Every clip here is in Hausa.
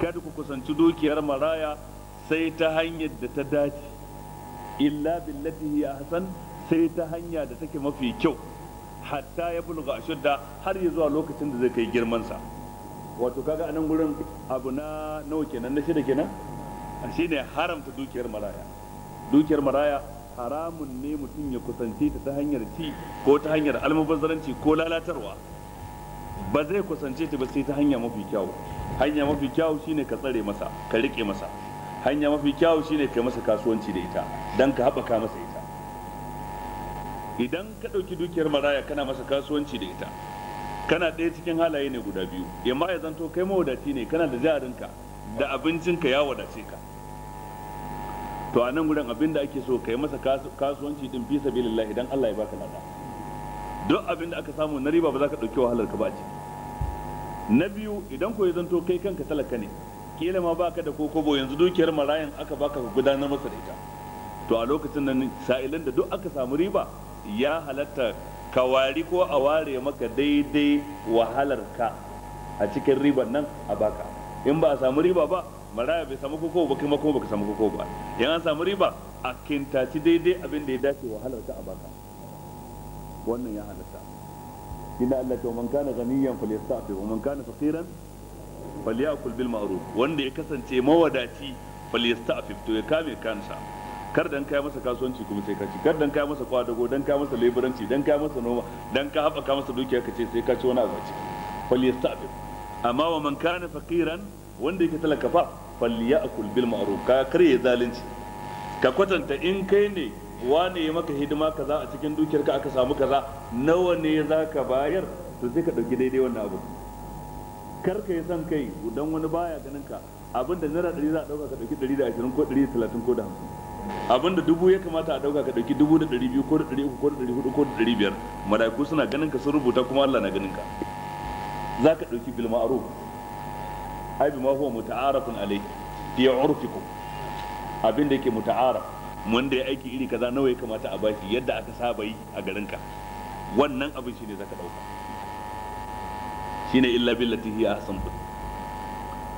kada ku kusanci dukiyar maraya sai ta hanyar da ta dace illa billati ya hasan sai ta hanya da take mafi kyau hatta ya bulga ashudda har ya zuwa lokacin da zai kai girmansa wato kaga anan gurin abu na nawa kenan na shida kenan a shine haramta dukiyar maraya dukiyar maraya haramun ne mutum ya kusance ta ta hanyar ci ko ta hanyar almubazzaranci ko lalatarwa ba zai kusance ta ba sai ta hanya mafi kyau hanya mafi kyawu shine ka tsare masa ka rike masa hanya mafi kyawu shine kai masa kasuwanci da ita dan ka haɓaka masa ita idan ka ɗauki dukiyar maraya kana masa kasuwanci da ita kana ɗaya cikin halaye ne guda biyu amma ya zanto kai mawadaci ne kana da jarinka da abincinka ya wadace ka to a nan gudan abin da ake so kai masa kasuwanci din fi sabilillah idan Allah ya baka lada duk abin da aka samu na riba ba za ka ɗauki wahalar ka ba ciki na biyu idan ko zanto kai kanka talaka ne kila ma baka da kokobo yanzu dukiyar marayan aka baka ka gudanar masa da ita to a lokacin nan sa'ilin da duk aka samu riba ya halatta ka wari ko a ware maka daidai wahalar ka a cikin riban nan a baka in ba a samu riba ba maraya bai samu kokobo ba kuma kuma baka samu kokobo ba in an samu riba a kintaci daidai abin da ya dace wahalar ka a baka wannan ya halatta inda Allah ce man kana ganiyan falyastafi wa man kana faqiran falyakul bil ma'ruf wanda ya kasance mawadaci falyastafi to ya kame kansa kar dan kai masa kasuwanci kuma sai ka ci kar dan kai masa kwadago dan kai masa leburanci dan kai masa noma dan ka ka masa dukiya ka ce sai ka ci wani abu ci falyastafi amma wa man kana faqiran wanda yake talaka fa falyakul bil ma'ruf ka kare zalunci ka kwatanta in kai ne wane ya maka hidima kaza a cikin dukiyarka aka samu kaza nawa ne za ka bayar to sai ka ɗauki daidai wannan abu kar ka yi son kai don wani baya ganin ka abinda naira ɗari za a ɗauka ka ɗauki ɗari da ashirin ko ɗari da talatin ko da hamsin abinda dubu ya kamata a ɗauka ka ɗauki dubu da ɗari biyu ko da ɗari uku ko da ɗari hudu ko da ɗari biyar mala'iku suna ganin ka sun rubuta kuma Allah na ganin ka za ka ɗauki bil ma'ruf ai bi ma huwa muta'arafun alayhi fi urfikum abinda yake muta'araf wanda ya aiki iri kaza nawa ya kamata a bashi yadda aka saba yi a garin ka wannan abin shine zaka dauka shine illa billati hiya ahsan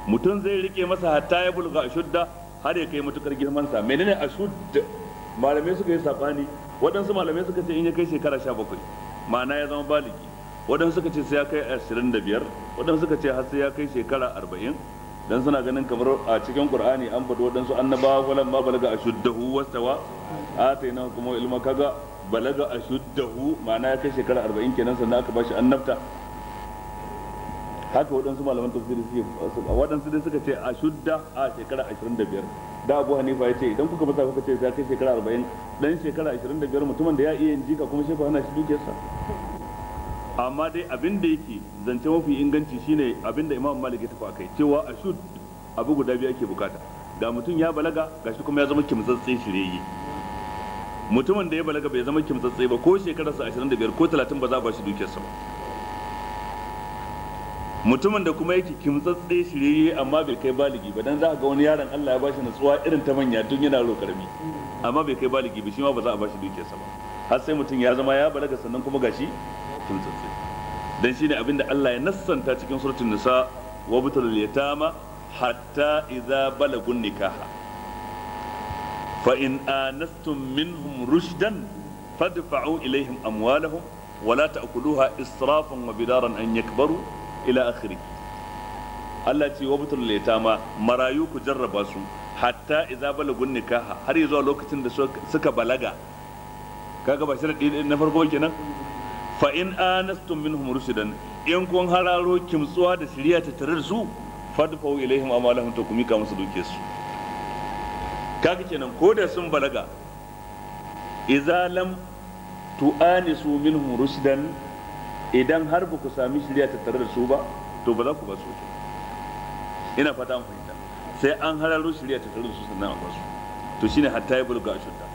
mutum zai rike masa hatta ya bulga ashudda har ya kai matukar girman sa menene ashudda malamai suka yi sabani wadansu malamai suka ce in ya kai shekara 17 ma'ana ya zama baliki wadansu suka ce sai ya kai 25 wadansu suka ce har sai ya kai shekara 40 dan suna ganin kamar a cikin qur'ani an fado dan su annaba walan ma balaga ashuddahu wastawa atayna kuma ilma kaga balaga ashuddahu ma'ana ya kai shekara 40 kenan sannan aka bashi annabta haka waɗansu malaman tafsiri suke waɗansu dai suka ce ashudda a shekara 25 da abu hanifa ya ce idan kuka masa kuka ce ya kai shekara 40 dan shekara 25 mutumin da ya iya yin jika kuma shi hana shi dukiyarsa amma dai abin da yake zance mafi inganci shine abin da imam malik ya tafi akai cewa a shud abu guda biyu ake bukata ga mutum ya balaga gashi kuma ya zama kimtsatse shirye mutumin da ya balaga bai zama kimtsatse ba ko shekararsa 25 ko 30 ba za a ba shi dukiyarsa ba mutumin da kuma yake kimtsatse shirye amma bai kai baligi ba dan za ka ga wani yaron Allah ya bashi nutsuwa irin ta manya tun yana ro karami amma bai kai baligi ba shi ma ba za a ba dukiyar dukiyarsa ba har sai mutum ya zama ya balaga sannan kuma gashi dan shine abin da Allah ya nassanta cikin suratul nisa wa butul yatama hatta idza balagun nikaha fa in anastum minhum rushdan fadfa'u ilaihim amwalahum wa la ta'kuluha israfan wa bidaran an yakbaru ila akhiri Allah ce wa butul yatama marayu ku jarraba su hatta idza balagun nikaha har zuwa lokacin da suka balaga kaga ba shi na farko kenan fa in anastum minhum rushdan in kun hararo kimtsuwa da shirya ta tare da su fadfau ilaihim amalahum to kumika musu duke su kaga kenan ko da sun balaga idza lam tu'anisu minhum rushdan idan har ba ku sami shirya ta tare da su ba to ba za ku ba su ina fata an fahimta sai an hararo shirya ta tare da su sannan a ba su to shine hatta ya bulga ashudda